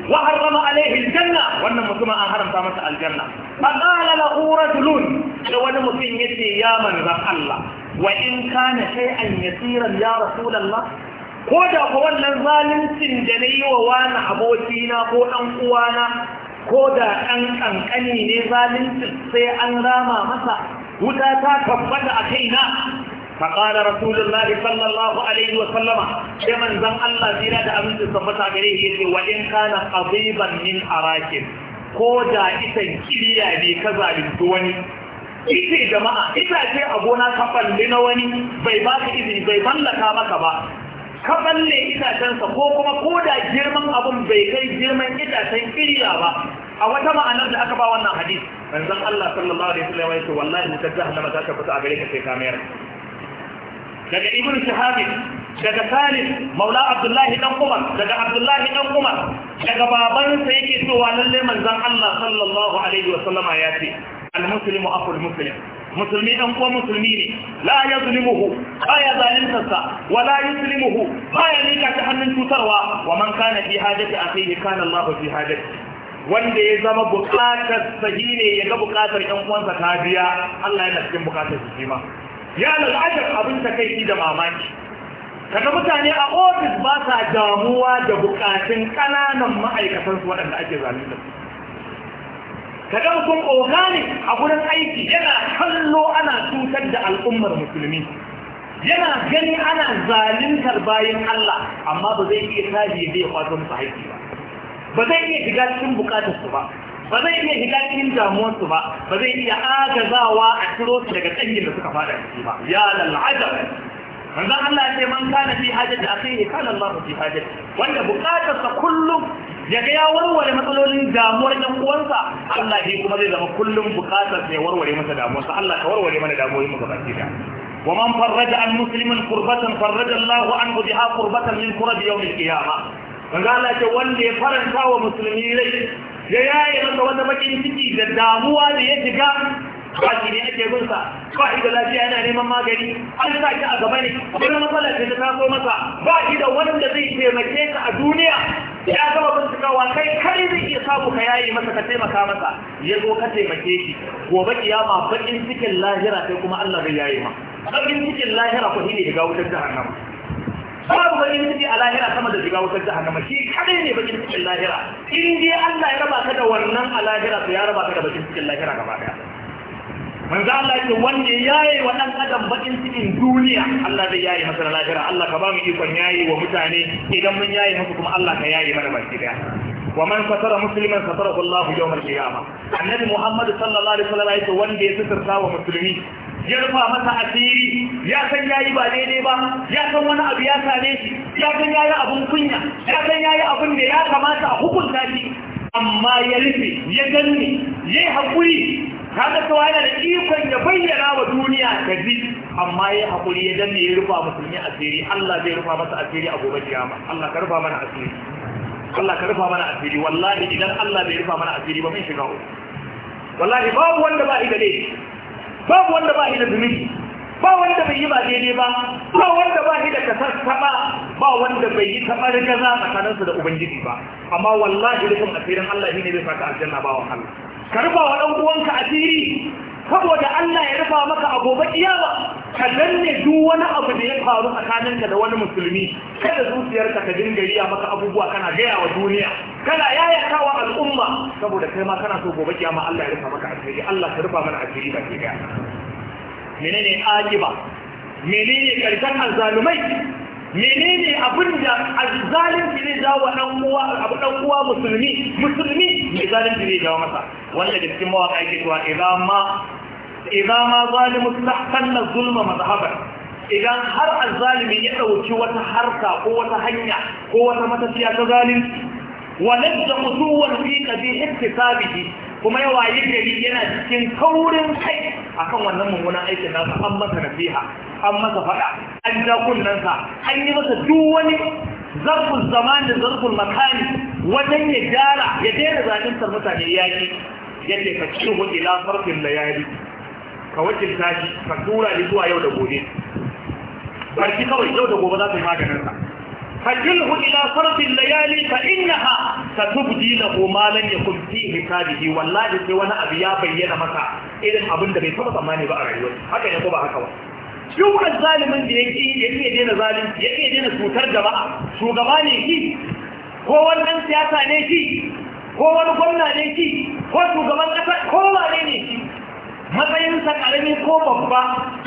wa harrama alaihi aljanna wannan mutumin an haramta masa aljanna fa qala la urajulun da wani mutum yace ya manzan Allah wa in kana shay'an yasiran ya rasulullah ko da kuwa wannan zaluncin da na yi wa wani abokina ko ɗan uwana ko da 'yan ƙanƙani ne zaluncin sai an rama masa wuta ta tabbata a kai na faƙalar rasulun lafi sallallahu alaihi wasallama sai manzan Allah zira da abin da tabbata gare shi ne wa in kana ƙabiban min arakin ko da ita kiriya ne ka zalunci wani ita ce a gona ka falli na wani bai ba ka izini bai ballaka maka ba Kaɓalle itacensa ko kuma ko da girman abin bai kai girman itacen ƙirya ba a wata ma'anar da aka ba wannan hadis manzon Allah sallallahu alaihi wasallam ya ce wallahi mutazza da maza ka fita a gare ka sai ka mayar daga ibn shahab daga salim maula abdullahi dan kuma, daga abdullahi dan kuma, daga babansa yake cewa lalle manzon Allah sallallahu alaihi wasallama ya ce al-muslimu aqul muslim musulmi dan ko musulmi ne la ya baya zalintarsa wa la Ba ya lika ta hannun cutarwa wa man kana fi hajati akhihi kana Allah fi hajati wanda ya zama bukatar sahi ne ya ga bukatar ɗan uwansa ta biya Allah yana cikin bukatar shi ma ya lalata abin ta kai da mamaki kaga mutane a ofis ba sa damuwa da bukatun ƙananan su waɗanda ake zalunta kaga mutum organic a wurin aiki yana kallo ana cutar da al'ummar musulmi yana gani ana zalintar bayan Allah amma ba zai iya tashi zai kwato musu haƙƙi ba ba zai iya shiga cikin bukatarsu ba ba zai iya shiga cikin damuwarsu ba ba zai iya agazawa a ciro su daga tsangin da suka fada ciki ba ya lal'ajar manzo Allah ya ce man kana fi hajati akhihi kana Allah fi hajati wanda sa kullum ya ga ya warware matsalolin damuwar dan uwansa Allah shi kuma zai zama kullum bukatar ya warware masa sa Allah ka warware mana damuwoyin mu gabaki da ومن فرج عن مسلم كربة qurbatan الله عنه بها كربة من كرب يوم القيامة فقال لك وان فرنسا ومسلمي لي ya yaye masa wata bakin ciki da damuwa da ya shiga baki ne nake gunsa ba da lafiya yana neman magani an sa shi a gaba ne wani matsala ce ta so masa ba shi da wanda zai taimake ka a duniya ya gama bincikawa kai kai zai iya samu ka yayi masa ka taimaka masa ya zo ka taimake shi gobe kiyama bakin cikin lahira sai kuma Allah zai yayi ma bakin cikin lahira ko shine daga wutar jahannama babu bakin ciki a lahira sama da shiga wutar jahannama shi kadai ne bakin cikin lahira in dai Allah ya raba ka da wannan a lahira to ya raba ka da bakin cikin lahira gaba daya manzo Allah ce wanda yayi wa dan adam bakin cikin duniya Allah zai yayi masa lahira Allah ka ba mu ikon yayi wa mutane idan mun yayi muku kuma Allah ka yayi mana baki daya wa man satara musliman satarahu Allah yawm al qiyama annabi Muhammad sallallahu alaihi wasallam ya wanda ya sutura wa musulmi ya rufa masa asiri ya san yayi ba daidai ba ya san wani abu ya same shi ya san yayi abun kunya ya san yayi abun da ya kamata a hukunta shi amma ya rufe ya ganni yayi hakuri kaga cewa yana da ikon ya bayyana wa duniya da ji amma ya hakuri ya danne ya rufa musulmi asiri Allah zai rufa masa asiri a gobe kiyama Allah ka rufa mana asiri Allah ka rufa mana asiri wallahi idan Allah bai rufa mana asiri ba mun shiga uku wallahi babu wanda ba ida ne babu wanda ba ida zumi ba wanda bai yi ba daidai ba ba wanda ba ida kasassaba ba wanda bai yi da gaza tsakaninsa da ubangiji ba amma wallahi rufin asirin Allah shine bai fata aljanna ba wa Allah ka rufa wa ɗan uwanka asiri saboda Allah ya rufa maka a gobe kiyama ka danne duk wani abu da ya faru tsakaninka da wani musulmi kada zuciyarka ka dinga riya maka abubuwa kana gaya wa duniya kana yayatawa al'umma saboda kai ma kana so gobe kiyama Allah ya rufa maka asiri Allah ka rufa mana asiri ba ke daya menene akiba menene karshen azzalumai menene abin da zalunci zai jawo dan uwa abu dan uwa musulmi musulmi mai zalunci zai jawo masa wanda da cikin mawaka yake cewa idan ma idan ma zalimu na zulma mazhaban idan har azzalimi ya dauki wata harka ko wata hanya ko wata matafiya ta zalunci walad da usuwan fi qabi ihtisabihi kuma ya wayi gari yana cikin kaurin kai akan wannan mummunan aikin nasa an masa nasiha an masa fada an ja kunnansa an yi masa duk wani zarfin zamani zarfin makani wajen ya gyara ya daina zalintar mutane yaƙi yadda ka cikin ila farfin layali, ka wajen tashi ka tura ni zuwa yau da gobe barci kawai yau da gobe za ta yi maganinsa ko إلى ya الليالي فإنها ستبدي له ما لن يكن في حسابه والله سوى أبيا بيّن مسا إذن أبن دبي صرف أماني بقى رأيوه هكذا haka ba. duk azzalimin da yake yake ya zalunci ya daina cutar jama'a shugaba ne ki ko wannan siyasa ne ki ko wani gwamna ne ki ko shugaban kasa ko wane ne ki matsayinsa karami ko babba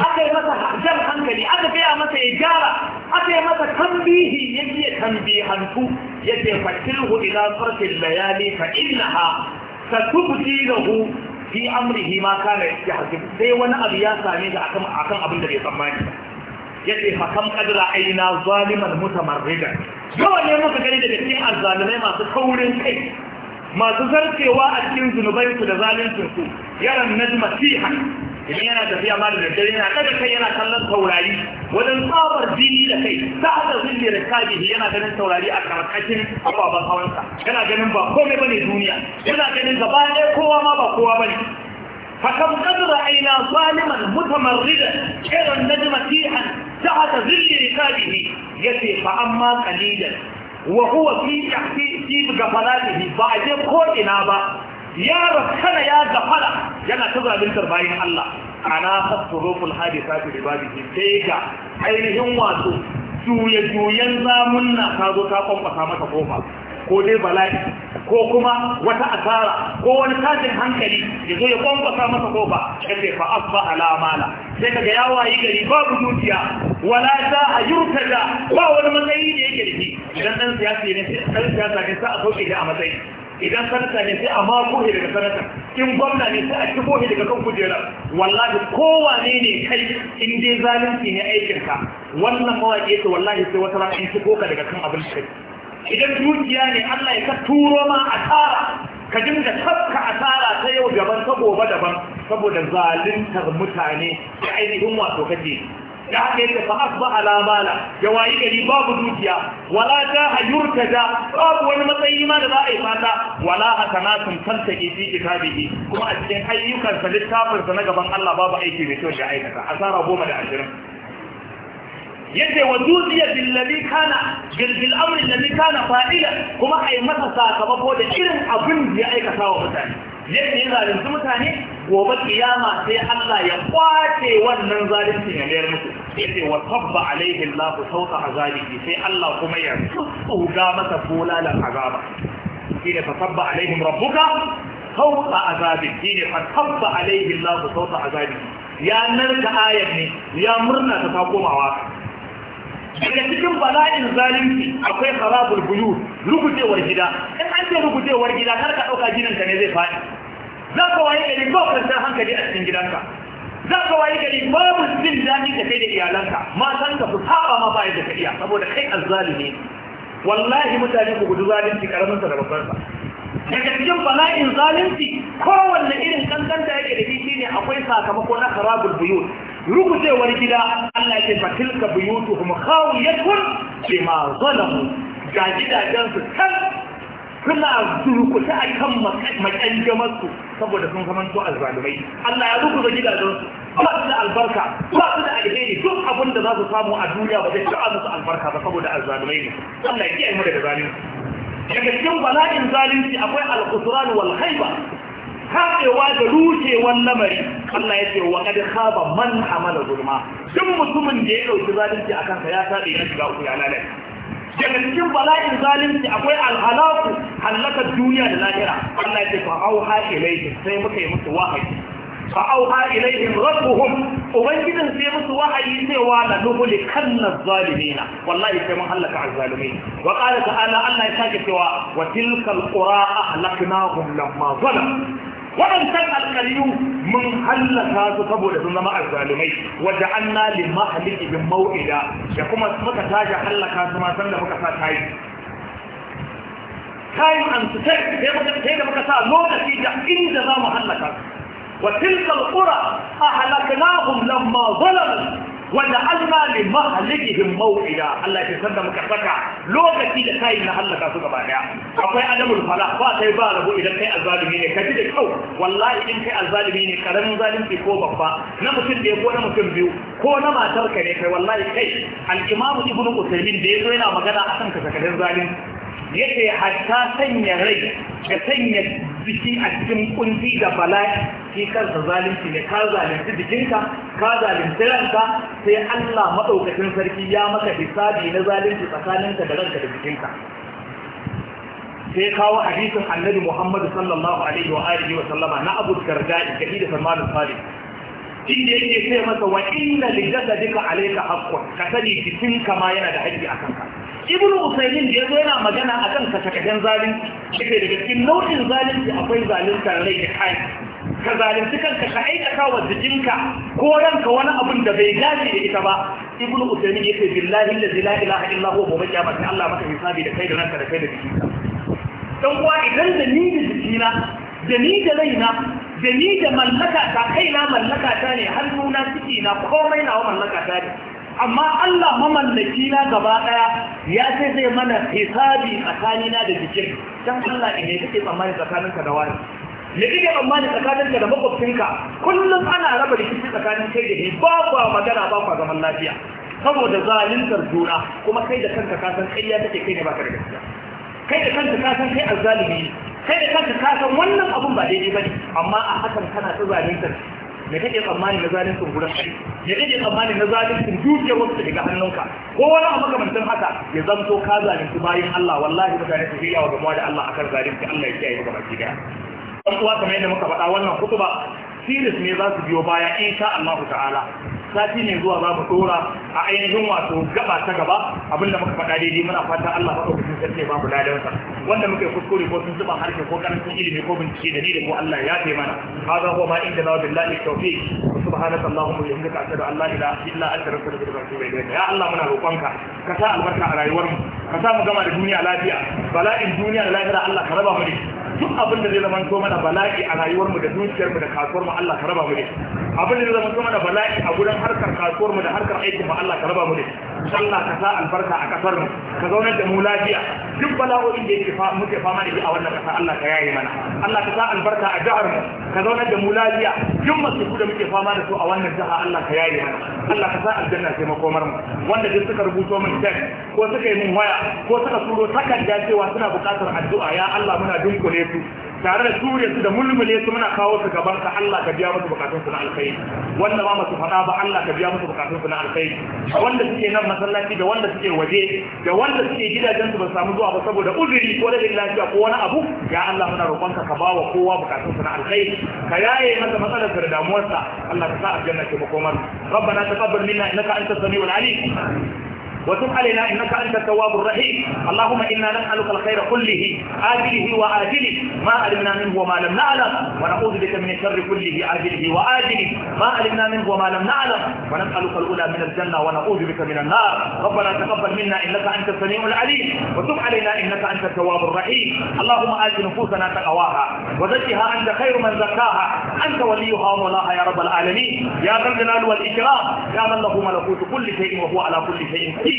aka yi masa jan hankali aka gaya masa ya gyara aka yi masa tambihi ya ya biya hantu, ya ce fatilhu ila sarfin layali fa innaha satubdi lahu fi amri ma kana yahzib sai wani abu ya same shi akan akan abin da bai tsammani ba yace fa kam qadra aina zaliman mutamarrida yawa ne muka gani da cikin azzalimai masu kaurin kai masu zarfewa a cikin su da zalincin su yaran najma fiha idan yana tafiya ma da daddare yana daga kai yana kallon taurari wajen tsabar jini da kai ta hasar zuciya da yana ganin taurari a karkashin ababen hawansa yana ganin ba komai bane duniya yana ganin gaba ɗaya kowa ma ba kowa bane fakam kadra aina zaliman mutamarrida kiran najma tihan ta hasar zuciya da kaji yace fa amma kalilan wa huwa fi ihtisib gafalatihi ba a je ko'ina ba ya rakkana ya gafala yana ta zalintar bayan Allah ana fasturuful hadisa fi ibadihi sai ga ainihin wato juye-juyen zamun na ta zo ta kwamfasa masa kofa ko dai bala'i ko kuma wata asara ko wani tashin hankali ya zo ya kwamfasa masa kofa kace fa asba ala sai daga ya wayi gari babu dukiya wala ta ayyuka da ba wani matsayi da ya da idan ɗan siyasa ne sai siyasa ne a soke da a matsayi idan sanata ne sai a mako daga sanata in gwamna ne sai a shigo ne daga kan kujera wallahi kowane ne kai in dai zalunci ne aikinka wannan mawaƙi yake wallahi sai wata rana in shigo ka daga kan abin idan dukiya ne Allah ya ka turo ma a tara ka dinga tafka asara ta yau gaban ta gobe daban saboda zaluntar mutane da ainihin wato kaje. da haka yake fa asbaha la mala ya wayi gari babu dukiya wala ta hayurta za babu wani matsayi ma da za a yi fata wala hasanatun tantake fi kitabihi kuma a cikin ayyukan sa littafinsa na gaban Allah babu aiki mai kyau da aikata asara goma da ashirin yace wa duziya bil kana bil amr alladhi kana fa'ila kuma a yi masa sakamako da irin abin da ya aikata wa mutane yadda ya zalunci mutane gobe kiyama sai Allah ya kwace wannan zalunci ya mayar musu sai wa tabba alaihi Allah sauta azabihi sai Allah kuma ya tsuga masa bulalan azaba shi ne fa tabba alaihim rabbuka sauta azabihi shi ne fa tabba alaihi Allah sauta azabihi ya narka ayar ne ya murna ta ta komawa daga cikin bala'in zalunci akwai kharabul buyut rubutewar gida in an ce rubutewar gida kar ka dauka gidanka ne zai fadi za ka waye ne ko kan hankali a cikin gidanka za ka wayi gari babu jin daɗi da kai da iyalanka matan ka su saba ma yadda ka iya saboda kai azzalimi wallahi mutane ku gudu zalunci karamin sa da babban sa daga cikin bala'in zalunci kowanne irin kankan da yake da shi shine akwai sakamako na karabul buyut rukucewar gida Allah ya ce fa tilka buyutuhum khawiyatun bima zalamu ga gidajen su kan suna rukuta akan makanjamarsu saboda sun zamanto azzalumai Allah ya rukuta gidajen su ba su da albarka ba su da alheri duk abin da za su samu a duniya ba zai taɓa musu albarka ba saboda azzalumai ne Allah ya kiyaye mu daga zalunci daga cikin bala'in zalunci akwai al-khusran wal khayba kaɗewa da rucewar lamari Allah ya ce wa kad khaba man amala zulma duk mutumin da ya dauki zalunci akan sa ya tabe ya shiga uku ya lalace daga cikin bala'in zalunci akwai alhalaku halakar duniya da lahira Allah ya ce fa auha ilayhi sai muka yi musu wahayi fa auha ilaihim rabbuhum ubangijin sai musu wahayi cewa la nuhli kanna zalimina wallahi sai mun halaka azzalimi wa qala ta'ala Allah ya sake cewa wa tilkal qura ahlaknahum lamma zalam waɗancan alƙaliyu mun hallaka su saboda sun zama azzalumai wadda an na limma haliki bin da kuma muka su muka sai da muka sa lokaci da inda za mu hallaka su kura وتلك القرى أهلكناهم لما ظلموا وجعلنا لمهلكهم موئلا الله يسلم كفتك لو كتي da kai na halaka su gaba daya akwai Adamu fala ba kai ba rabu idan kai alzalimi ne kaji da kyau, wallahi in kai alzalimi ne karamin zalunci ko babba na mutum da ko na mutum biyu ko na matar ka ne kai wallahi kai al-imam ibn usaymin da yazo yana magana akan kasakarin zalunci yake hatta sanya rai ga sanya jiki a cikin kunci da bala'i shi kansa zalunci ne ka zalunci jikinka ka zalunci ranka sai Allah maɗaukacin sarki ya maka hisabi na zalunci tsakaninka da ranka da jikinka sai kawo hadisin annabi Muhammad sallallahu alaihi wa alihi wa sallama na Abu Darda gadi da Salmanu al inda yake sai masa wa inna li alayka haqqun ka sani jikinka ma yana da haƙƙi a kanka ibn usaimin da ya zo yana magana a kan kasakajen zalunci yake daga cikin nau'in zalunci akwai zaluntar rai da kai ka zalunci kanka ka aikata wa jikinka ko ranka wani abin da bai dace da ita ba ibn usaimin yake billahi allazi la ilaha illa huwa gobe kiyama sai Allah maka hisabi da kai da ranka da kai da jikinka dan kuwa idan da ni da jikina da ni da raina da ni da mallaka ta kaina mallaka ta ne hannuna ciki na komai nawa mallaka ta ne amma Allah mamallaki na gaba ɗaya ya ce zai mana hisabi na da jikin dan Allah ne kake tsammani tsakaninka da wani ne kake tsammani tsakaninka da makwabcinka kullum ana raba rikici tsakanin kai da ni ba kwa magana ba kwa zaman lafiya saboda zalintar juna kuma kai da kanka ka san ya take kai ne ba ka da gaskiya kai da kanka ka san kai azzalimi kai da kanka ka san wannan abun ba daidai bane amma a hakan kana ta zalintar me kake tsammani na zalincin gurin kai me kake tsammani na zalincin dukiyar wasu daga hannunka ko wani abu makamantan haka ya zanto ka zalunci bayan Allah wallahi mutane su yi yawa gamuwa da Allah akan zalunci Allah ya kiyaye maka baki daya dan uwa kamar yadda muka faɗa wannan kutuba series ne za su biyo baya insha Allah ta'ala sati ne zuwa za mu dora a ainihin wato gaba ta gaba abinda muka faɗa daidai muna fata Allah maɗaukakin sarki ba mu ladansa wanda muka kuskure ko sun zuba harshe ko karancin ilimi ko bincike da ni ko Allah ya ce mana hada huwa ma inda na billahi tawfiq subhanaka allahumma wa bihamdika ashhadu an la ilaha illa anta astaghfiruka wa atubu ilayk ya Allah muna roƙonka ka sa albarka a rayuwarmu. mu ka sa mu gama da duniya lafiya bala'in duniya da lafiya Allah ka raba mu da duk abin da zai zama to mana bala'i a rayuwarmu da dukiyar da kasuwarmu mu Allah ka raba mu da abin da zai zama to mana bala'i a gurin harkar kasuwarmu da harkar aikinmu mu Allah ka raba mu da Allah ka sa albarka a kasar mu ka zaunar da mu lafiya duk bala'o'in da yake muke fama da shi a wannan kasa Allah ka yaye mana Allah ka sa albarka a jahar mu ka zaunar da mu lafiya duk masu da muke fama da su a wannan jiha Allah ka yaye mana Allah ka sa aljanna sai makomar mu wanda duk suka rubuto min tek ko suka yi min waya ko suka turo takarda cewa suna buƙatar addu'a ya Allah muna dunkule su tare da ture su da mulmule su muna kawo su gaban ka Allah ka biya musu bukatun su na alkhairi wanda ba musu faɗa ba Allah ka biya musu bukatun su na alkhairi wanda suke nan masallaci da wanda suke waje da wanda suke gidajen su ba samu zuwa ba saboda uzuri ko rashin lafiya ko wani abu ya Allah muna roƙon ka ka ba wa kowa bukatun su na alkhairi ka yaye masa matsalar da damuwarsa Allah ka sa aljanna ke makomar rabbana taqabbal minna innaka antas samiul alim وتب علينا إنك أنت التواب الرحيم اللهم إنا نسألك الخير كله آجله وآجله ما علمنا منه وما لم نعلم ونعوذ بك من الشر كله آجله وآجله ما علمنا منه وما لم نعلم ونسألك الأولى من الجنة ونعوذ بك من النار ربنا تقبل منا إنك أنت السميع العليم وتب علينا إنك أنت التواب الرحيم اللهم آت نفوسنا تقواها وزكها أنت خير من زكاها أنت وليها ومولاها يا رب العالمين يا ذا الجلال والإكرام يا من له ملكوت كل شيء وهو على كل شيء قدير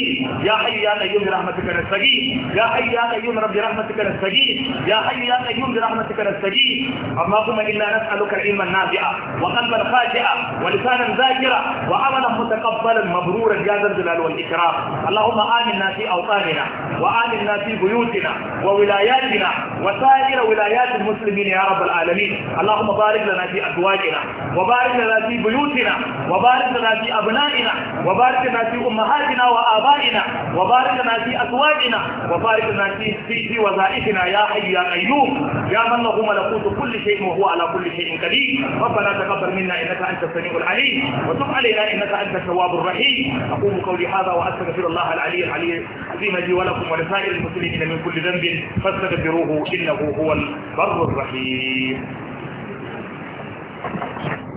يا حي يا قيوم برحمتك نستجيب يا حي يا قيوم رب برحمتك نستجيب يا حي يا قيوم برحمتك نستجيب اللهم إلا نسألك علما نافعا وقلبا خاشعا ولسانا ذاكرا وعملا متقبلا مبرورا يا ذا الجلال والإكرام اللهم آمنا في أوطاننا وآمنا في بيوتنا وولاياتنا وسائر ولايات المسلمين يا رب العالمين اللهم بارك لنا في أزواجنا وبارك لنا في بيوتنا وبارك لنا في أبنائنا وبارك لنا في أمهاتنا وآبائنا آبائنا وبارك لنا في أزواجنا وبارك لنا في في وظائفنا يا حي يا قيوم يا من له ملكوت كل شيء وهو على كل شيء قدير ربنا تقبل منا إنك أنت السميع العليم وتب علينا إنك أنت التواب الرحيم أقول قولي هذا وأستغفر الله العلي العلي العظيم لي ولكم ولسائر المسلمين من كل ذنب فاستغفروه إنه هو البر الرحيم Thank you.